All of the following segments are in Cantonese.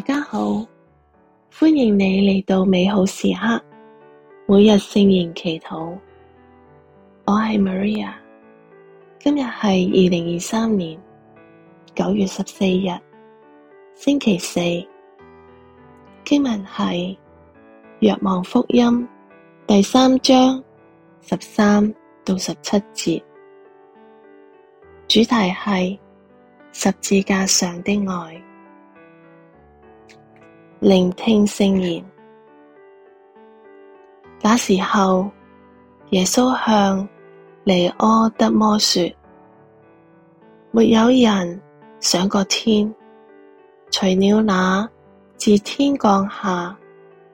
大家好，歡迎你嚟到美好時刻，每日聖言祈禱。我係 Maria，今日係二零二三年九月十四日，星期四。經文係《若望福音》第三章十三到十七節，主題係十字架上的愛。.聆聽聖言。那時候，耶穌向尼苛德摩說：沒有人上過天，除了那自天降下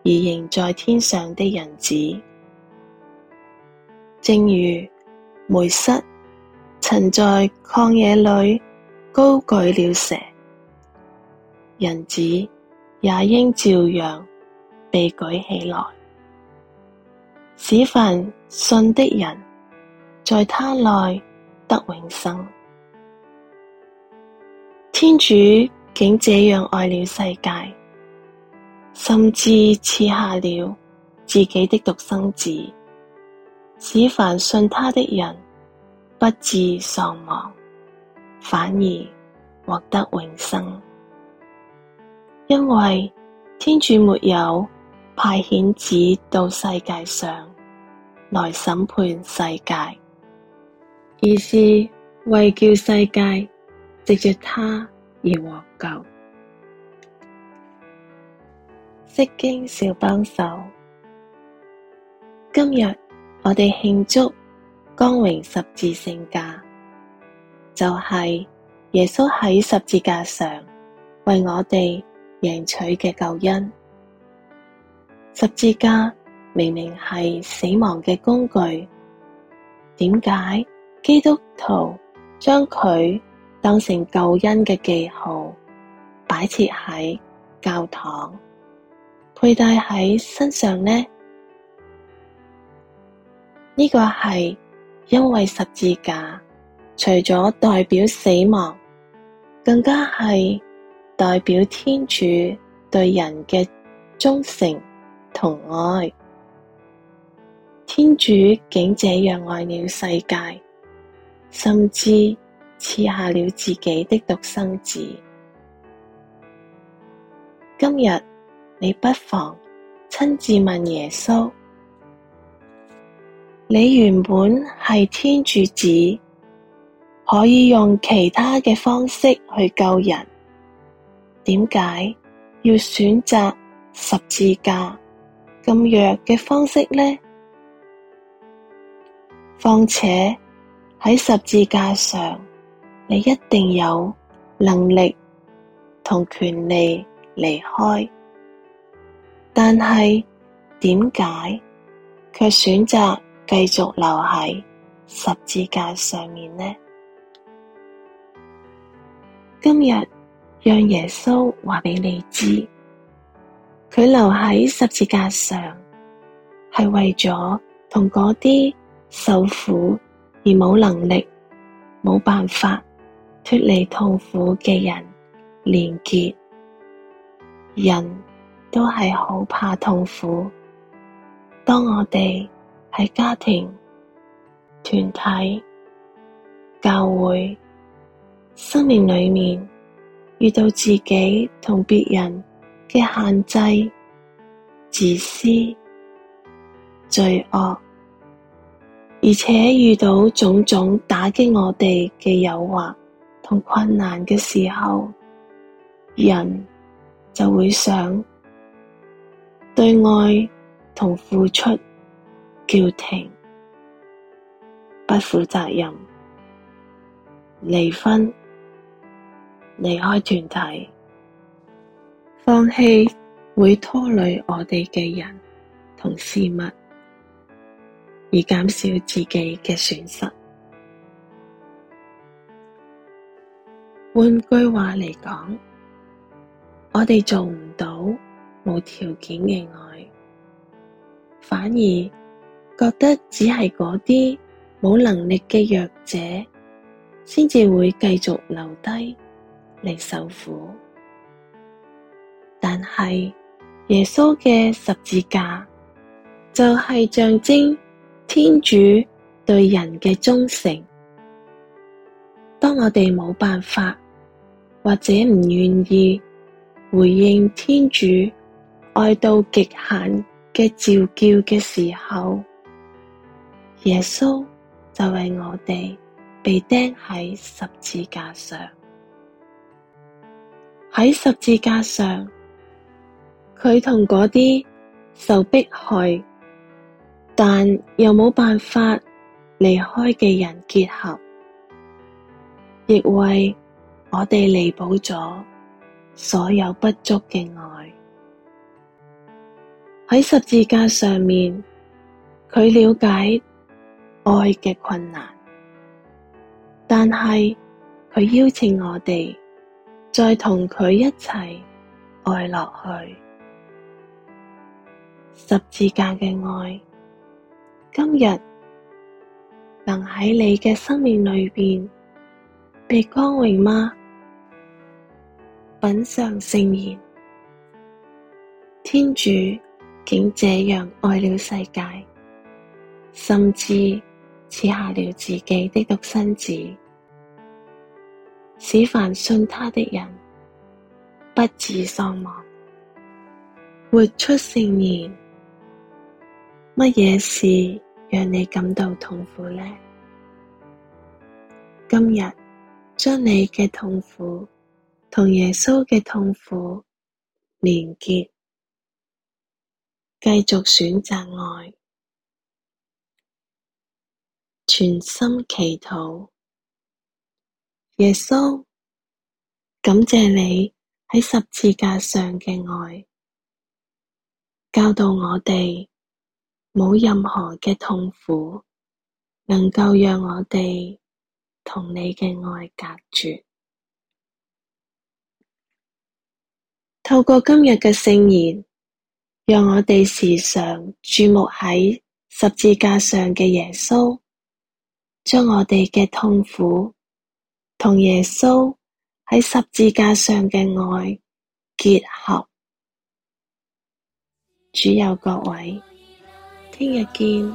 而仍在天上的人子，正如梅瑟曾在曠野裏高舉了蛇，人子。也應照樣被舉起來，使凡信的人在他內得永生。天主竟這樣愛了世界，甚至賜下了自己的獨生子，使凡信他的人不至喪亡，反而獲得永生。因為天主沒有派遣子到世界上來審判世界，而是為叫世界藉著祂而獲救。釋經小幫手，今日我哋慶祝光榮十字聖架，就係、是、耶穌喺十字架上為我哋。贏取嘅救恩，十字架明明係死亡嘅工具，點解基督徒將佢當成救恩嘅記號，擺設喺教堂，佩戴喺身上呢？呢個係因為十字架除咗代表死亡，更加係。代表天主對人嘅忠誠同愛，天主竟這樣愛了世界，甚至賜下了自己的獨生子。今日你不妨親自問耶穌：祢原本係天主子，可以用其他嘅方式去救人。點解要選擇十字架咁弱嘅方式呢？況且喺十字架上，你一定有能力同權利離開，但係點解卻選擇繼續留喺十字架上面呢？今日。讓耶穌話畀你知，佢留喺十字架上係為咗同嗰啲受苦而冇能力、冇辦法脫離痛苦嘅人連結。人都係好怕痛苦，當我哋喺家庭、團體、教會、生命裏面。遇到自己同別人嘅限制、自私、罪惡，而且遇到種種打擊我哋嘅誘惑同困難嘅時候，人就會想對愛同付出叫停，不負責任，離婚。離開團體，放棄會拖累我哋嘅人同事物，而減少自己嘅損失。換句話嚟講，我哋做唔到冇條件嘅愛，反而覺得只係嗰啲冇能力嘅弱者先至會繼續留低，嚟受苦，但係耶穌嘅十字架就係象徵天主對人嘅忠誠。當我哋冇辦法或者唔願意回應天主愛到極限嘅召叫嘅時候，耶穌就為我哋被釘喺十字架上。喺十字架上，佢同嗰啲受迫害但又冇辦法離開嘅人結合，亦為我哋彌補咗所有不足嘅愛。喺十字架上面，佢了解愛嘅困難，但係佢邀請我哋，再同佢一齊愛落去，十字架嘅愛，今日能喺你嘅生命裏邊被光榮嗎？品嚐聖言，天主竟這樣愛了世界，甚至賜下了自己的獨生子。使凡信祂的人不致喪亡，活出聖言。乜嘢事讓你感到痛苦呢？今日將你嘅痛苦同耶穌嘅痛苦連結，繼續選擇愛，全心祈禱。耶穌，感謝你喺十字架上嘅愛，教導我哋冇任何嘅痛苦能夠讓我哋同你嘅愛隔絕。透過今日嘅聖言，讓我哋時常注目喺十字架上嘅耶穌，將我哋嘅痛苦。同耶穌喺十字架上嘅愛結合，主有各位，聽日見。